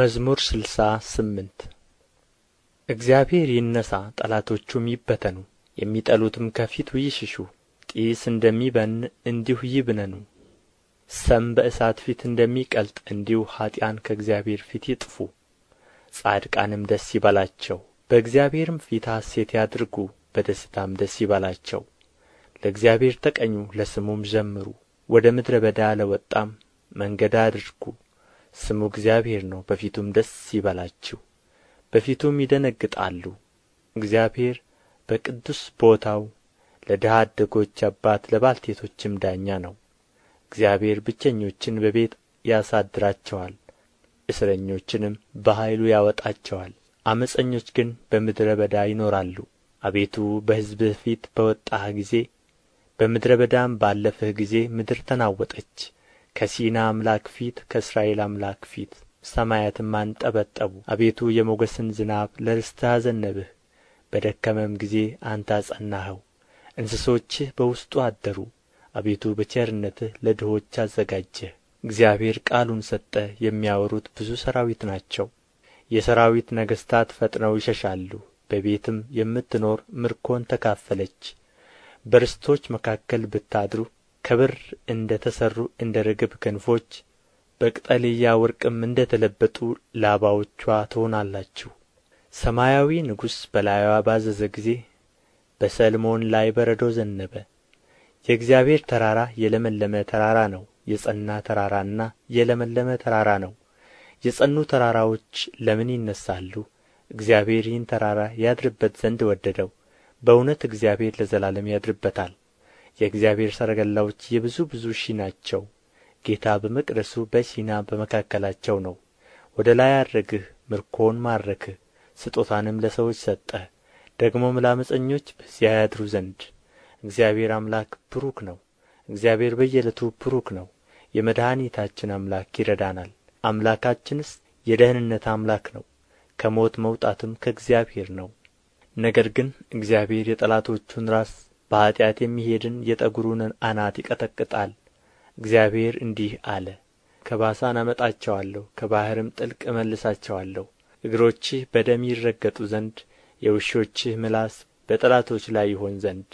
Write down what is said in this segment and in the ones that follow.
መዝሙር ስልሳ ስምንት እግዚአብሔር ይነሣ ጠላቶቹም ይበተኑ፣ የሚጠሉትም ከፊቱ ይሽሹ። ጢስ እንደሚበን እንዲሁ ይብነኑ፣ ሰም በእሳት ፊት እንደሚቀልጥ እንዲሁ ኀጢአን ከእግዚአብሔር ፊት ይጥፉ። ጻድቃንም ደስ ይበላቸው፣ በእግዚአብሔርም ፊት ሐሴት ያድርጉ፣ በደስታም ደስ ይበላቸው። ለእግዚአብሔር ተቀኙ፣ ለስሙም ዘምሩ፣ ወደ ምድረ በዳ ለወጣም መንገድ አድርጉ። ስሙ እግዚአብሔር ነው በፊቱም ደስ ይበላችሁ በፊቱም ይደነግጣሉ እግዚአብሔር በቅዱስ ቦታው ለድሀ አደጎች አባት ለባልቴቶችም ዳኛ ነው እግዚአብሔር ብቸኞችን በቤት ያሳድራቸዋል እስረኞችንም በኃይሉ ያወጣቸዋል አመፀኞች ግን በምድረ በዳ ይኖራሉ አቤቱ በሕዝብህ ፊት በወጣህ ጊዜ በምድረ በዳም ባለፍህ ጊዜ ምድር ተናወጠች ከሲና አምላክ ፊት ከእስራኤል አምላክ ፊት ሰማያትም አንጠበጠቡ አቤቱ የሞገስን ዝናብ ለርስትህ አዘነብህ በደከመም ጊዜ አንተ አጸናኸው እንስሶችህ በውስጡ አደሩ አቤቱ በቸርነትህ ለድሆች አዘጋጀህ እግዚአብሔር ቃሉን ሰጠ የሚያወሩት ብዙ ሠራዊት ናቸው የሠራዊት ነገሥታት ፈጥነው ይሸሻሉ በቤትም የምትኖር ምርኮን ተካፈለች በርስቶች መካከል ብታድሩ ከብር እንደ ተሠሩ እንደ ርግብ ክንፎች በቅጠልያ ወርቅም እንደ ተለበጡ ላባዎችዋ ትሆናላችሁ ሰማያዊ ንጉሥ በላይዋ ባዘዘ ጊዜ በሰልሞን ላይ በረዶ ዘነበ የእግዚአብሔር ተራራ የለመለመ ተራራ ነው የጸና ተራራና የለመለመ ተራራ ነው የጸኑ ተራራዎች ለምን ይነሣሉ እግዚአብሔር ይህን ተራራ ያድርበት ዘንድ ወደደው በእውነት እግዚአብሔር ለዘላለም ያድርበታል የእግዚአብሔር ሰረገላዎች የብዙ ብዙ ሺ ናቸው ጌታ በመቅደሱ በሲና በመካከላቸው ነው ወደ ላይ አድረግህ ምርኮን ማረክህ ስጦታንም ለሰዎች ሰጠህ ደግሞም ለዓመፀኞች በዚያ ያድሩ ዘንድ እግዚአብሔር አምላክ ብሩክ ነው እግዚአብሔር በየዕለቱ ብሩክ ነው የመድኃኒታችን አምላክ ይረዳናል አምላካችንስ የደህንነት አምላክ ነው ከሞት መውጣትም ከእግዚአብሔር ነው ነገር ግን እግዚአብሔር የጠላቶቹን ራስ በኃጢአት የሚሄድን የጠጕሩን አናት ይቀጠቅጣል እግዚአብሔር እንዲህ አለ ከባሳን አመጣቸዋለሁ ከባሕርም ጥልቅ እመልሳቸዋለሁ እግሮችህ በደም ይረገጡ ዘንድ የውሾችህ ምላስ በጠላቶች ላይ ይሆን ዘንድ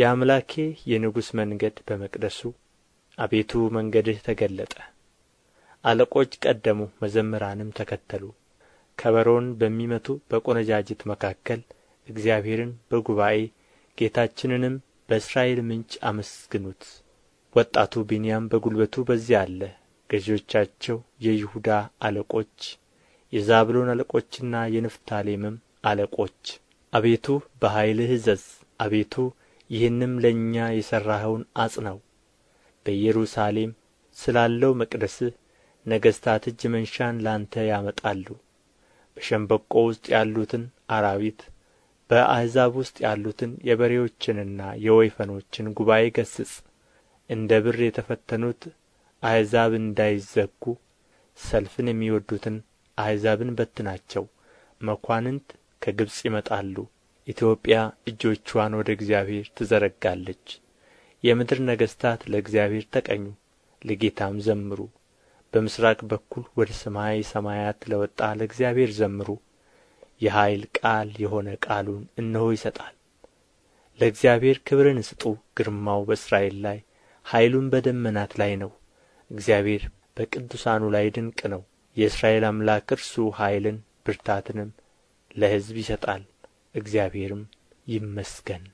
የአምላኬ የንጉሥ መንገድ በመቅደሱ አቤቱ መንገድህ ተገለጠ አለቆች ቀደሙ መዘምራንም ተከተሉ ከበሮን በሚመቱ በቈነጃጅት መካከል እግዚአብሔርን በጉባኤ ጌታችንንም በእስራኤል ምንጭ አመስግኑት ወጣቱ ቢንያም በጉልበቱ በዚያ አለ ገዢዎቻቸው የይሁዳ አለቆች የዛብሎን አለቆችና የንፍታሌምም አለቆች አቤቱ በኃይልህ እዘዝ አቤቱ ይህንም ለእኛ የሠራኸውን አጽነው። በኢየሩሳሌም ስላለው መቅደስህ ነገሥታት እጅ መንሻን ላንተ ያመጣሉ በሸምበቆ ውስጥ ያሉትን አራዊት በአሕዛብ ውስጥ ያሉትን የበሬዎችንና የወይፈኖችን ጉባኤ ገሥጽ እንደ ብር የተፈተኑት አሕዛብ እንዳይዘጉ ሰልፍን የሚወዱትን አሕዛብን በትናቸው መኳንንት ከግብጽ ይመጣሉ ኢትዮጵያ እጆቿን ወደ እግዚአብሔር ትዘረጋለች የምድር ነገሥታት ለእግዚአብሔር ተቀኙ ለጌታም ዘምሩ በምሥራቅ በኩል ወደ ሰማይ ሰማያት ለወጣ ለእግዚአብሔር ዘምሩ የኃይል ቃል የሆነ ቃሉን እነሆ ይሰጣል ለእግዚአብሔር ክብርን ስጡ ግርማው በእስራኤል ላይ ኃይሉም በደመናት ላይ ነው እግዚአብሔር በቅዱሳኑ ላይ ድንቅ ነው የእስራኤል አምላክ እርሱ ኃይልን ብርታትንም ለሕዝብ ይሰጣል እግዚአብሔርም ይመስገን